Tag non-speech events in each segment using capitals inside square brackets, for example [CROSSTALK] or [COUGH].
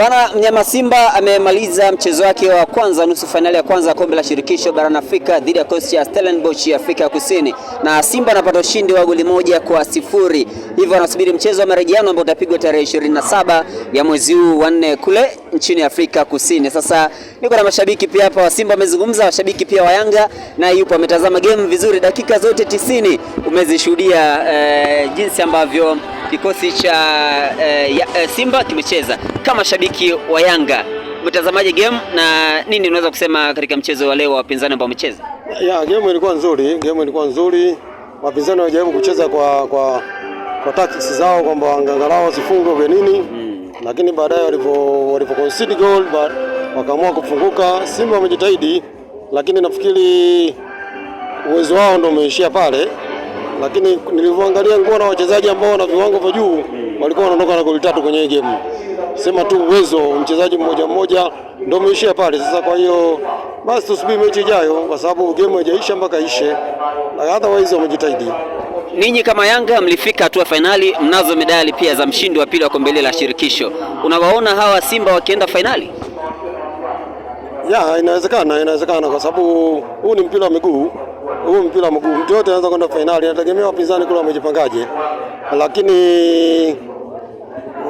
Bana, mnyama Simba amemaliza mchezo wake wa kwanza nusu fainali ya kwanza ya kombe la shirikisho barani Afrika dhidi ya kosti ya Stellenbosch ya Afrika ya Kusini, na Simba anapata ushindi wa goli moja kwa sifuri. Hivyo anasubiri mchezo wa marejeano ambao utapigwa tarehe 27 ya mwezi huu wa nne kule nchini Afrika Kusini. Sasa niko na mashabiki pia hapa wa Simba wamezungumza, washabiki pia wa Yanga na yupo ametazama game vizuri, dakika zote tisini umezishuhudia eh, jinsi ambavyo kikosi cha uh, ya, uh, Simba kimecheza. Kama shabiki wa Yanga mtazamaji game na nini unaweza kusema katika mchezo wa leo wa wapinzani ambao wamecheza? Yeah, game ilikuwa nzuri, game ilikuwa nzuri. Wapinzani wajaribu kucheza kwa kwa kwa tactics zao kwamba angalau wasifungwe nini mm. Lakini baadaye walipo walipo concede goal wakaamua kufunguka. Simba wamejitahidi, lakini nafikiri uwezo wao ndio umeishia pale lakini nilivyoangalia nguo na wachezaji ambao wana viwango vya juu walikuwa wanaondoka na goli tatu kwenye game. Sema tu uwezo mchezaji mmoja mmoja ndio umeishia pale sasa. Kwa hiyo basi tusubiri mechi ijayo, kwa sababu game haijaisha mpaka ishe, na otherwise wamejitahidi. Ninyi kama Yanga mlifika hatua fainali, mnazo medali pia za mshindi wa pili wa kombe la shirikisho. Unawaona hawa Simba wakienda fainali? Ya, inawezekana, inawezekana kwa sababu huu ni mpira wa miguu huu mpira mguu mtu yote anaweza kwenda fainali, inategemea wapinzani kule wamejipangaje, lakini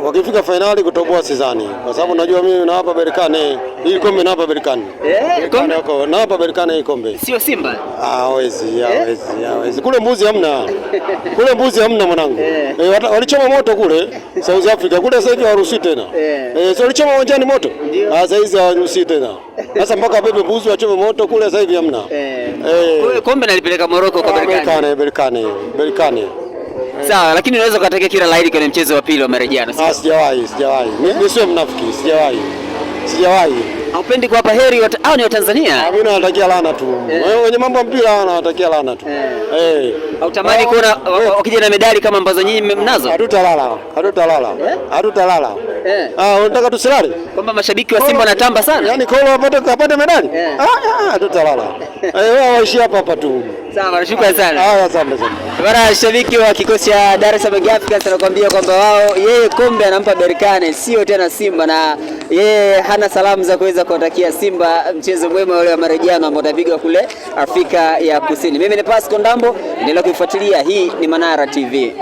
wakifika fainali kutoboa sizani, kwa sababu najua mimi na hapa Berkane hii kombe na hapa berikana. Eh, kombe yako hapa berikana hii kombe. Sio Simba. Ah, hawezi, eh? hawezi, hawezi. Kule mbuzi hamna. [LAUGHS] Kule mbuzi hamna mwanangu. Eh, eh walichoma moto kule South Africa. Kule sasa hivi hawaruhusi tena. Eh, eh so walichoma uwanjani moto. Ndio. Ah, sasa hizi hawaruhusi tena. Sasa mpaka pepe mbuzi wachome moto kule sasa hivi hamna. Eh. Kule kombe nalipeleka Morocco kwa berikana. Berikana, berikana. Sawa, lakini unaweza ukatokea kila laili kwenye mchezo wa pili wa marejeano. Ah, sijawahi, sijawahi. Mimi sio mnafiki, sijawahi. 是外，伊。haupendi kuwapa heri wata, au ni Watanzania? Ah, mimi nawatakia laana tu eh. wenye mambo ya mpira nawatakia laana tu yeah. hey. Eh. Hautamani kuona eh. wakija na medali kama ambazo nyinyi mnazo? Ah, hatutalala, hatutalala, hatutalala. Ah, unataka tusilale kwamba mashabiki wa Simba wanatamba sana, yaani kolo apate apate medali? Ah, ah, hatutalala, wewe waishi hapa hapa tu. Sawa, nashukuru sana. Haya, asante sana. Bwana shabiki wa kikosi cha Dar es Salaam Africans anakuambia kwamba wao yeye kombe anampa Berkane, sio tena Simba, na yeye hana salamu za kuweza kuweza kuwatakia Simba mchezo mwema ule wa marejano ambao utapigwa kule Afrika ya Kusini. Mimi ni Pascal Ndambo, endelea kuifuatilia. Hii ni Manara TV.